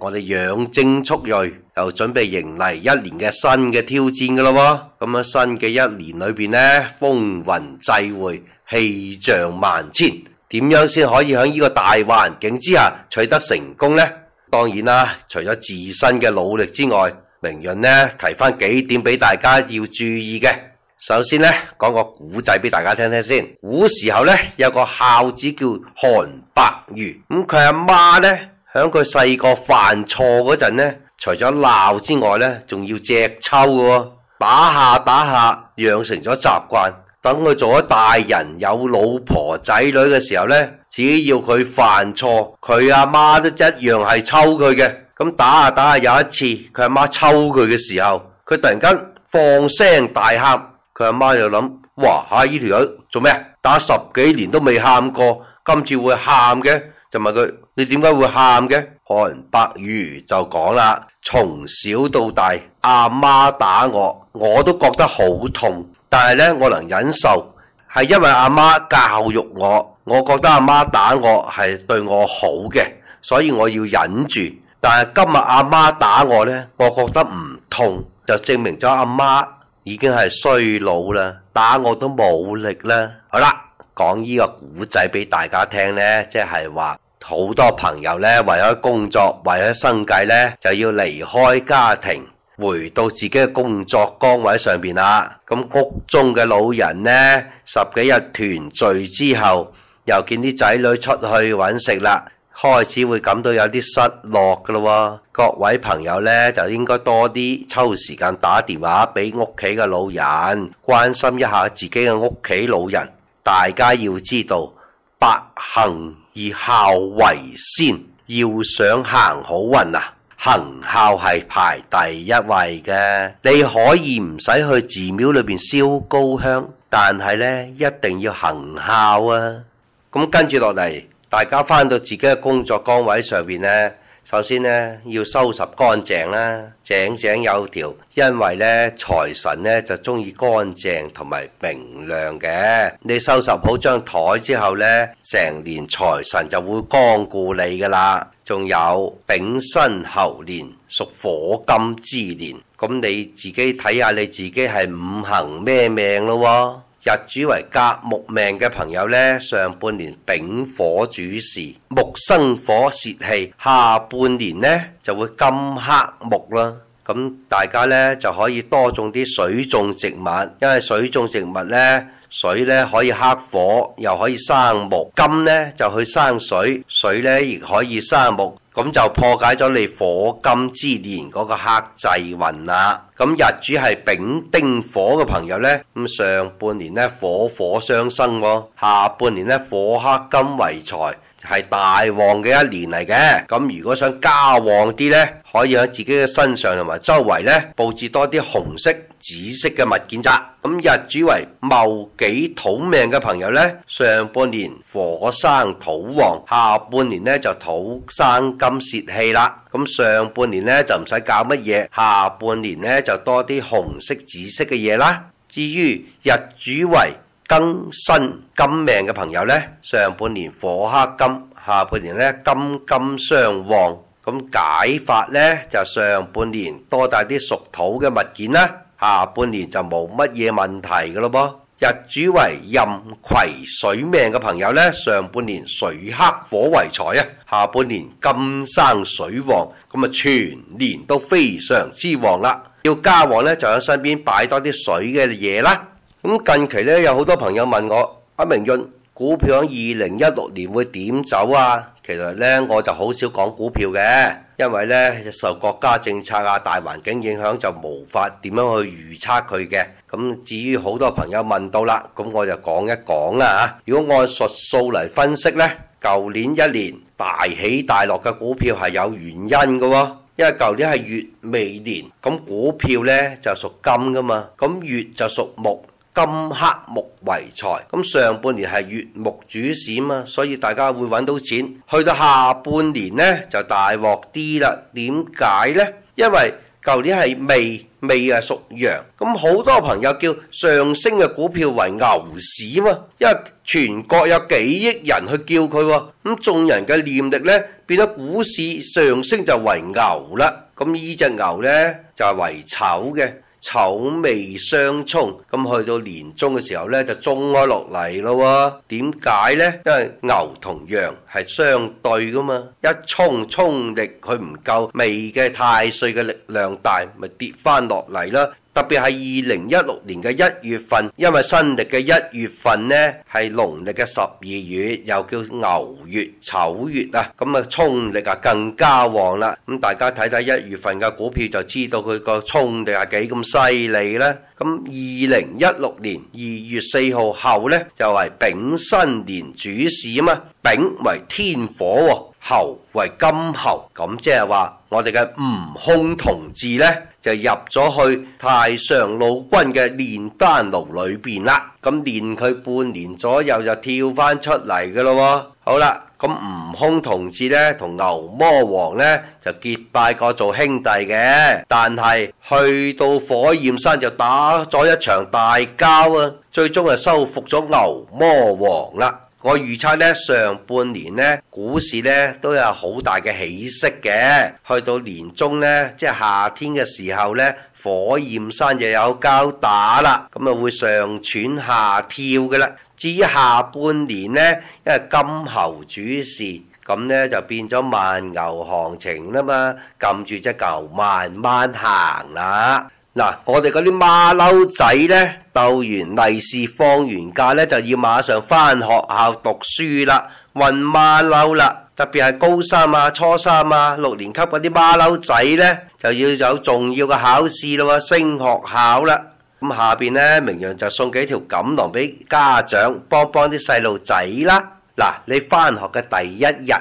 我哋養精蓄銳，就準備迎嚟一年嘅新嘅挑戰噶咯喎！咁樣新嘅一年裏邊呢，風雲際會，氣象萬千，點樣先可以喺呢個大環境之下取得成功呢？當然啦、啊，除咗自身嘅努力之外，明潤呢提翻幾點俾大家要注意嘅。首先呢，講個古仔俾大家聽聽先。古時候呢有個孝子叫韓伯俞，咁佢阿媽呢？喺佢細個犯錯嗰陣呢，除咗鬧之外呢，仲要只抽嘅，打下打下，養成咗習慣。等佢做咗大人，有老婆仔女嘅時候呢，只要佢犯錯，佢阿媽都一樣係抽佢嘅。咁打下打下，有一次佢阿媽抽佢嘅時候，佢突然間放聲大喊，佢阿媽就諗：哇，吓呢條友做咩？打十幾年都未喊過，今次會喊嘅？就問佢。你點解會喊嘅？韓伯俞就講啦，從小到大阿媽打我，我都覺得好痛。但係呢，我能忍受，係因為阿媽教育我，我覺得阿媽打我係對我好嘅，所以我要忍住。但係今日阿媽打我呢，我覺得唔痛，就證明咗阿媽已經係衰老啦，打我都冇力啦。好啦，講呢個古仔俾大家聽呢，即係話。好多朋友咧，為咗工作，為咗生計咧，就要離開家庭，回到自己嘅工作崗位上邊啦。咁屋中嘅老人咧，十幾日團聚之後，又見啲仔女出去揾食啦，開始會感到有啲失落噶咯。各位朋友咧，就應該多啲抽時間打電話俾屋企嘅老人，關心一下自己嘅屋企老人。大家要知道，百行，以孝為先，要想行好運啊，行孝係排第一位嘅。你可以唔使去寺廟裏邊燒高香，但係呢，一定要行孝啊。咁、嗯、跟住落嚟，大家返到自己嘅工作崗位上邊呢。首先咧，要收拾乾淨啦，井井有條。因為咧，財神咧就中意乾淨同埋明亮嘅。你收拾好張枱之後咧，成年財神就會光顧你㗎喇。仲有丙申猴年屬火金之年，咁你自己睇下你自己係五行咩命咯喎。日主為甲木命嘅朋友呢，上半年丙火主事，木生火洩氣，下半年呢就會金克木啦。咁大家呢就可以多種啲水種植物，因為水種植物呢。水咧可以克火，又可以生木；金咧就去生水，水咧亦可以生木。咁就破解咗你火金之年嗰個克制運啦。咁日主係丙丁火嘅朋友咧，咁上半年咧火火相生，下半年咧火克金為財，係大旺嘅一年嚟嘅。咁如果想加旺啲咧，可以喺自己嘅身上同埋周圍咧佈置多啲紅色紫色嘅物件咋？咁日主為戊己土命嘅朋友呢，上半年火生土旺，下半年呢就土生金泄氣啦。咁上半年呢就唔使搞乜嘢，下半年呢就多啲紅色、紫色嘅嘢啦。至於日主為庚辛金命嘅朋友呢，上半年火克金，下半年呢金金相旺。咁解法呢，就上半年多帶啲屬土嘅物件啦。下半年就冇乜嘢問題嘅咯噃，日主為壬癸水命嘅朋友呢，上半年水克火為財啊，下半年金生水旺，咁啊全年都非常之旺啦。要家旺呢，就喺身邊擺多啲水嘅嘢啦。咁近期呢，有好多朋友問我阿、啊、明潤。股票喺二零一六年會點走啊？其實呢，我就好少講股票嘅，因為呢，受國家政策啊、大環境影響就無法點樣去預測佢嘅。咁至於好多朋友問到啦，咁我就講一講啦吓。如果按術數嚟分析呢，舊年一年大起大落嘅股票係有原因㗎喎，因為舊年係乙未年，咁股票呢就屬金㗎嘛，咁乙就屬木。咁黑木為財，咁上半年係月木主市啊嘛，所以大家會揾到錢。去到下半年呢，就大鑊啲啦。點解呢？因為舊年係未，未啊屬羊，咁好多朋友叫上升嘅股票為牛市啊嘛，因為全國有幾億人去叫佢喎、啊。咁眾人嘅念力呢，變咗股市上升就為牛啦。咁呢隻牛呢，就係為丑嘅。丑未相沖，咁去到年中嘅時候咧，就中咗落嚟咯喎。點解咧？因為牛同羊係相對噶嘛，一沖沖力佢唔夠，未嘅太歲嘅力量大，咪跌翻落嚟啦。特別係二零一六年嘅一月份，因為新歷嘅一月份呢，係農曆嘅十二月，又叫牛月、丑月啊，咁啊，沖力啊更加旺啦。咁大家睇睇一月份嘅股票就知道佢個沖力係幾咁犀利啦。咁二零一六年二月四號後呢，就係丙申年主事啊嘛，丙為天火喎，猴為金猴，咁即係話。我哋嘅悟空同志呢，就入咗去太上老君嘅煉丹爐裏邊啦。咁練佢半年左右，就跳翻出嚟嘅咯。好啦，咁悟空同志呢，同牛魔王呢，就結拜過做兄弟嘅，但係去到火焰山就打咗一場大交啊，最終係收服咗牛魔王啦。我預測咧，上半年咧股市咧都有好大嘅起色嘅，去到年中咧，即係夏天嘅時候咧，火焰山就有交打啦，咁啊會上串下跳嘅啦。至於下半年咧，因為金猴主事，咁咧就變咗慢牛行情啦嘛，撳住隻牛慢慢行啦。嗱，我哋嗰啲馬騮仔呢，逗完利是，放完假呢，就要馬上返學校讀書啦，運馬騮啦。特別係高三啊、初三啊、六年級嗰啲馬騮仔呢，就要有重要嘅考試啦，升學考啦。咁下邊呢，明潤就送幾條錦囊俾家長，幫幫啲細路仔啦。嗱，你返學嘅第一日，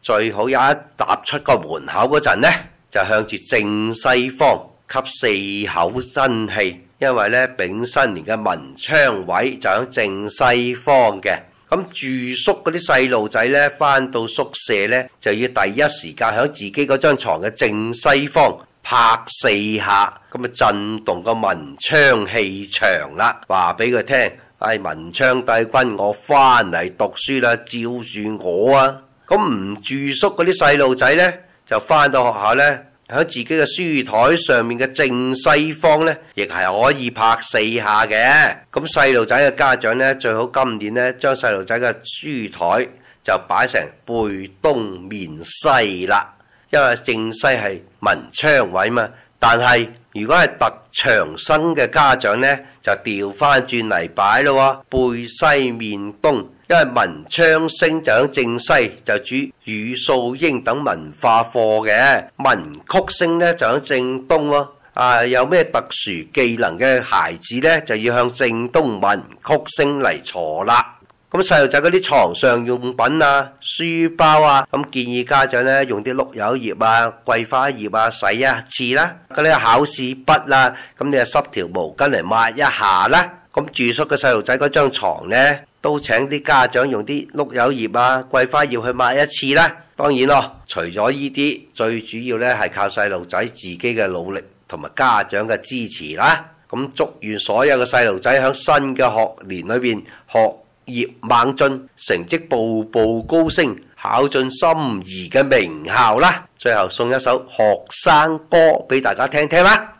最好有一踏出個門口嗰陣呢，就向住正西方。吸四口真氣，因為咧丙申年嘅文昌位就喺正西方嘅。咁住宿嗰啲細路仔咧，翻到宿舍咧，就要第一時間喺自己嗰張牀嘅正西方拍四下，咁啊震動個文昌氣場啦。話俾佢聽，唉，文昌帝君，我翻嚟讀書啦，照住我啊！咁唔住宿嗰啲細路仔咧，就翻到學校咧。喺自己嘅書台上面嘅正西方呢，亦係可以拍四下嘅。咁細路仔嘅家長呢，最好今年呢將細路仔嘅書台就擺成背東面西啦，因為正西係文昌位嘛。但係如果係特長生嘅家長呢，就調翻轉嚟擺咯，背西面東。因為文昌星就喺正西，就主語數英等文化課嘅文曲星咧就喺正東咯。啊，有咩特殊技能嘅孩子咧，就要向正東文曲星嚟坐啦。咁細路仔嗰啲床上用品啊、書包啊，咁建議家長咧用啲碌柚葉啊、桂花葉啊洗一次啦。嗰啲考試筆啊，咁你啊濕條毛巾嚟抹一下啦。咁住宿嘅細路仔嗰張床咧。都請啲家長用啲碌柚葉啊、桂花葉去抹一次啦。當然咯，除咗依啲，最主要咧係靠細路仔自己嘅努力同埋家長嘅支持啦。咁祝願所有嘅細路仔喺新嘅學年裏邊學業猛進，成績步步高升，考進心儀嘅名校啦！最後送一首學生哥俾大家聽聽啦～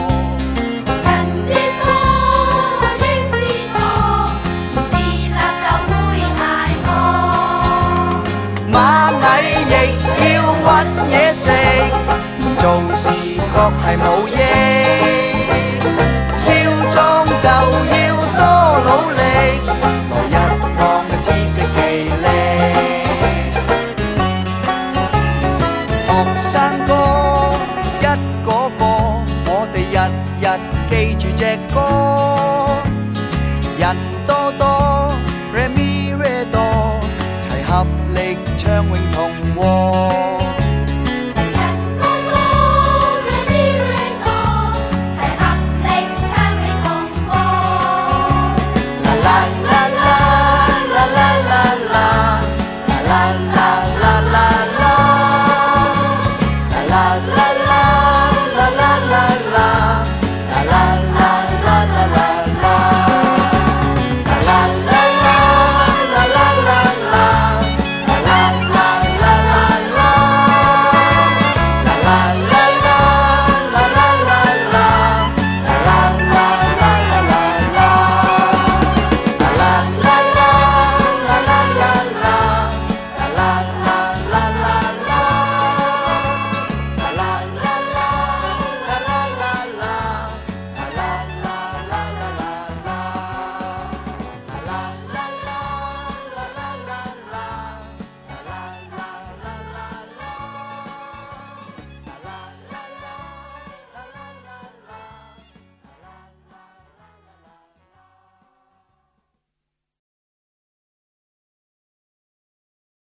做事確係冇益。